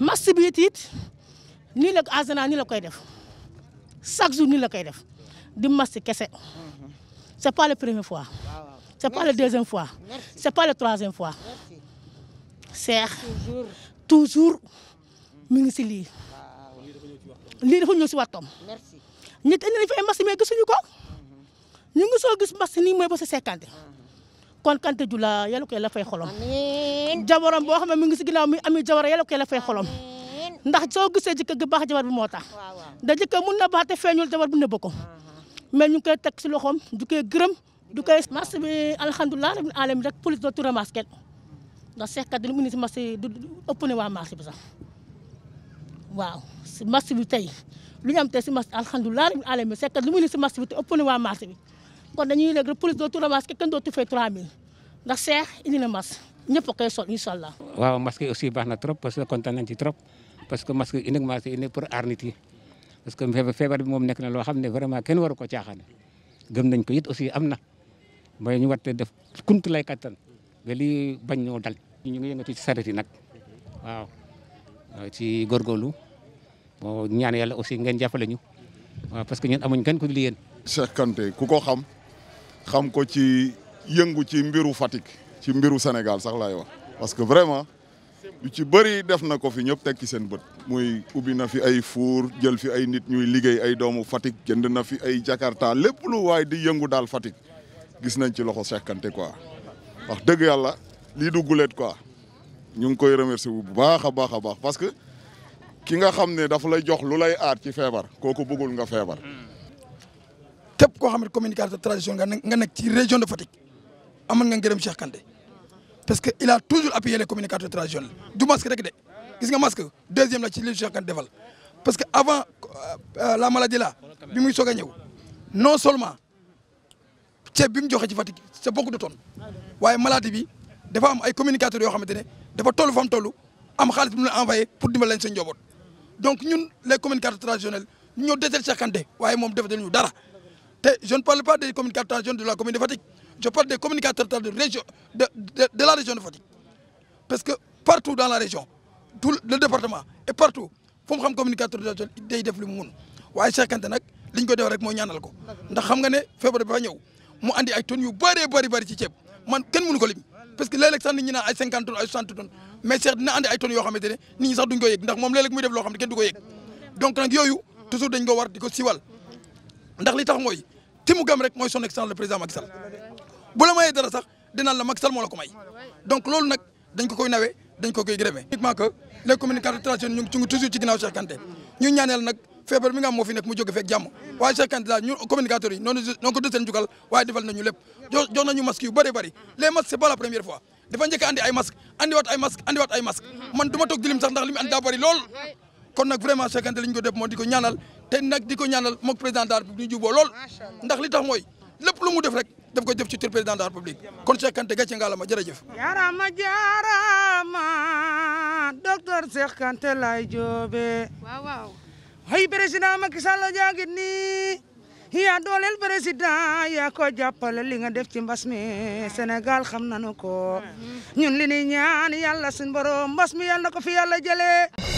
match bi nii la Arsenal nii la koy def chaque jour nii la koy def di match kese c' est pas la première fois c' est pas la deuxième fois c' est pas la troisième fois Cheikh toujours mi ngi si lii lii dafa ñëw si waxtoom ñett indi nañ fi ay match mais ko. ñu ngi soo gis mbas nii mooy ba sa cinquante kon Kante Jula yàlla ko yàlla fay xolom jabaram boo xam ne mi ngi si ginnaaw mi ami jabar yàlla ko yàlla fay xolom ndax soo gisee jëkkër gi baax jabar bi moo tax da jëkkër mun na baax te feeñul jabar bu nëbb ko mais ñu ngi koy teg si loxom du koy gërëm du koy mas bi alhamdulilah rabbil alamin rek police dootu ramasse kenn ndax seexkat dina indi si mas du ëpp ne waa marché bi sax waaw si mas bi tey lu ñam te tey si mas alhamdulilah rabbil alamin seexkat lu mu indi si mas bi te ëpp ne waa marché bi kon dañuy léegi police do dootu ramas kenn dootu fay 3000 ndax cheikh indi na masque ñepp koy sol incha allah. waaw masque aussi baax na trop parce que kontaan nañ ci trop parce que masque indi masque indi pour aar yi parce que febe febe mom nek na lo xamne vraiment ken waru ko caaxaan gem nañ ko yit aussi amna moy ñu war def kunt lay katan ba li bañ ñoo dal. ñu ngi yëngatu ci sarati nak waaw ci gorgolu mo ñaan yalla aussi ngeen jàppale ñu waaw parce que ñun amuñ gën ko dul yéen. Cheikh Kanté ku ko xam. xam ko ci yëngu ci mbiru Fatick ci mbiru Sénégal sax lay wax parce que vraiment yu ci bëri def na ko fi ñëpp teg seen bët muy ubbi na fi ay fuur jël fi ay nit ñuy liggéey ay doomu Fatick jënd na fi ay Jakarta lépp lu waaye di yëngu daal Fatick gis nañ ci loxo Cheikh Kanté quoi wax dëgg yàlla li du guleet quoi ñu ngi koy remercier bu baax a baax a baax parce que ki nga xam ne dafa lay jox lu lay aat ci feebar kooku bëggul nga feebar képp ko xam ne communicateur tradition nga nga nek ci région de Fatick amoon nga ngërëm Cheikh Kanté parce que il a toujours appuyé les communicateurs traditionnels du masque rek dé gis nga masque deuxième la ci li Cheikh Kanté defal parce que avant euh, euh la maladie là bi muy soog a non seulement ceeb bi mu joxe ci Fatick c'est beaucoup de tonnes waye maladie bi dafa am ay communicateurs yo xamante dafa tollu fam tollu am xaalis mu la envoyer pour dimbal leen seen njaboot donc ñun les communicateurs traditionnels ñoo deseel Cheikh Kanté waye mom defal ñu dara je ne parle pas des communicateurs de la commune de Fatigue. Je parle des communicateurs de, région, de, de, de la région de Fatigue. Parce que partout dans la région, tout le département et partout, il faut que les communicateurs de la région fassent ce qu'ils font. Mais chacun d'entre eux, ce qu'ils font, c'est qu'ils le demandent. Parce que vous savez, février est venu, il a des tonnes très très très ci ceeb man kenn mënu ko lim parce que l'élection léeg sax nit ñi naan ay 50 tonnes ay 60 tonnes mais Cheikh dina andi ay tonnes yoo xamante ne nit ñi sax duñ ko yëg ndax moom léeg-léeg muy def loo xam ne kenn du ko yëg donc nag yooyu toujours dañ ko war di ko siwal ndax li tax mooy Timou mu gëm rek mooy son excellent le président Macky Sall bu la mayee dara sax dina la Macky Sall mo la ko may donc loolu nak dañ ko koy nawé dañ ko koy grévé uniquement que les communicateurs traditionnels ñu ngi toujours ci ginnaaw Cheikh Kanté ñu ñaaneel nak fébrer mi nga am mo fi nek mu joggé fek jamm wa Cheikh Kanté daal ñun communicateurs yi noonu noonu ko deseen jugal waaye defal nañu lépp jox nañu masque yu bari bari les masques c'est pas la première fois dafa ñëk andi ay masque andi wat ay masque andi wat ay masque man duma tok dilim sax ndax li andi daa bëri lool kon nak vraiment cinquante liñ ko def mo di ñaanal té nak di ñaanal mok président de la république ñu jubo lol ndax li tax moy lepp lu mu def rek daf ko def ci président de la république kon Cheikh gatché nga la ma jërëjëf. jara ma docteur Cheikh lay jobé waaw waaw. hay président Macky Sall jaagit nii ya dolel président ya ko jappal li nga def ci mbas mi Sénégal xam nañu ko mm-hmm. ñun li ni ñaan yalla suñu borom mi fi yalla jëlé